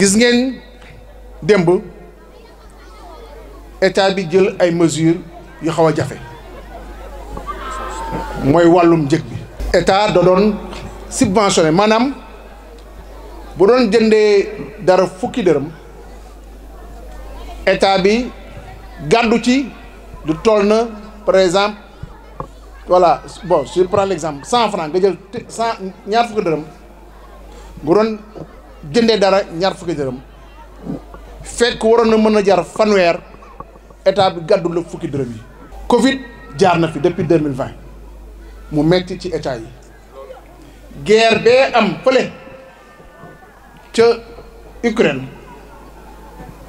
gis ngeen démb état bi jël ay mesure yu xaw a jafe mooy wàllum njëg bi. état da doon subventionné maanaam bu doon jëndee dara fukki dërëm état bi gàddu ci lu tool na par exemple voilà bon je prends l'exemple cent franc nga jël cent ñaar fukki dërëm bu doon. jëndee dara ñaar fukki dërëm fekk waroon na mën na jar fanweer état bi gàddu la fukki dërëm yi. Covid jaar na fi depuis deux mille vingt mu metti ci état yi guerre bee am fële ca Ukraine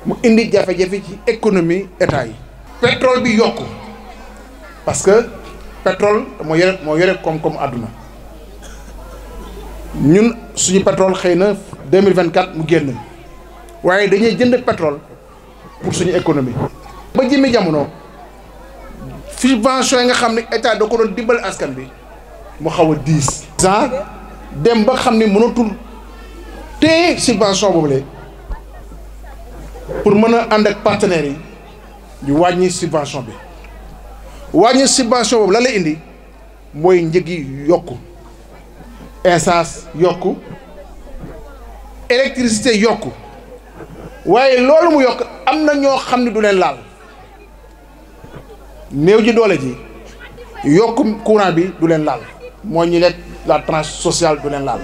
mu indi jafe-jafe ci économie état yi. pétrole bi yokku parce que pétrole moo yore moo yore koom-koom àdduna. ñun suñu pétrole xëy na 2024 mu génn waaye dañuy jënd pétrole pour suñu économie. ba jëmmi jamono subvention yi nga xam ne état da ko doon dimbali askan bi mu xaw a diis. dem ba xam ne mënatul téye subvention boobule pour mën a ànd ak partenaires yi ñu wàññi subvention bi wàññi subvention boobu lala indi mooy njëg yi yokku. essence yokku électricité yokku waaye loolu mu yokk am na ñoo xam ne du leen laal néew ji doole ji yokku courant bi du leen laal moo ñu lekk la tranche sociale du leen laal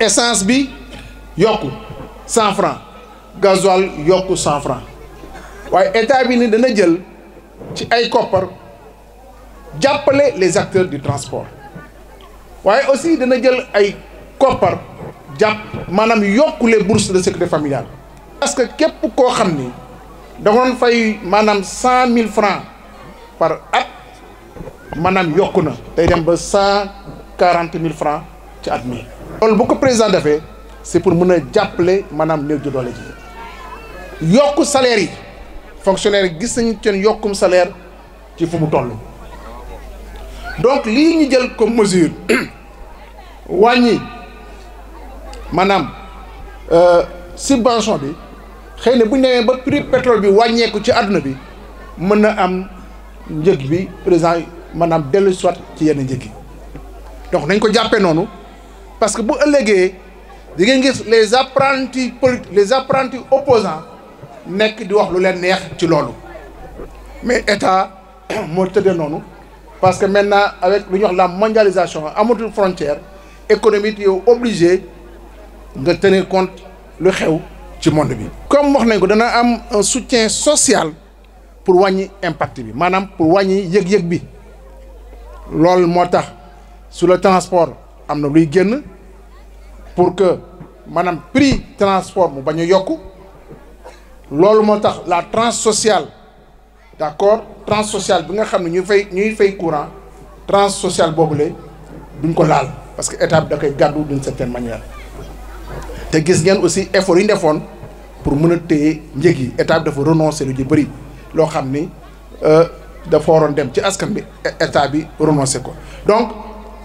essence bi yokku cent franc gasoil yokku cent franc waaye état bi ni dana jël ci ay koppar jàppale les acteurs du transport waaye aussi dana jël ay koppar jàpp maanaam yokk les bourses de sécurité familiale parce que képp koo xam ni danoon fay maanaam cent mille francs par at maanaam yokk na day dem ba cent quarante mille francs ci at mi loolu bu ko président defee c'est pour mën a jàppale maanaam néew doole ji yokk salaire yi fonctionnaire yi gis nañu seen yokkum salaire ci fu mu toll donc lii ñu jël comme mesure wàññi maanaam euh, subvention bi xëy na bu ñu ba prix pétrole bi wàññeeku ci àdduna bi mën na am njëg bi président maanaam dellu soit ci yenn njëg yi donc nañ ko jàppee noonu parce que bu ëllëgee di ngeen gis les apprentis politiques les apprentis opposants nekk di wax lu leen neex ci loolu mais état moo tëddee noonu parce que maintenant avec lu ñuy wax la mondialisation amatul frontière économique yow obligé nga tenir compte lu xew ci monde bi. comme wax nañ ko dana am un soutien social pour wàññi impact bi maanaam pour wàññi yëg-yëg bi loolu moo tax su le transport am na luy génn pour que maanaam prix transport mu bañ a yokk loolu moo tax la tranche sociale. d' accord tranche sociale bi nga xam ne ñuy fay ñuy fay courant tranche social boobu la duñ ko laal parce que état bi da koy gàddu d'une certaine manière te gis ngeen aussi effort yu ñu pour mën a téye njëg yi état bi dafa renoncer lu ji bëri loo xam ni euh, dafa waroon dem ci askan bi état bi renoncer ko donc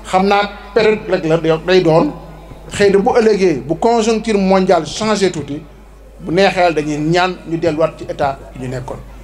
xam naa période rek la day doon xëy na bu ëllëgee bu conjoncture mondiale changé tuuti bu neexeel dañuy ñaan ñu delluwaat ci état ñu nekkoon.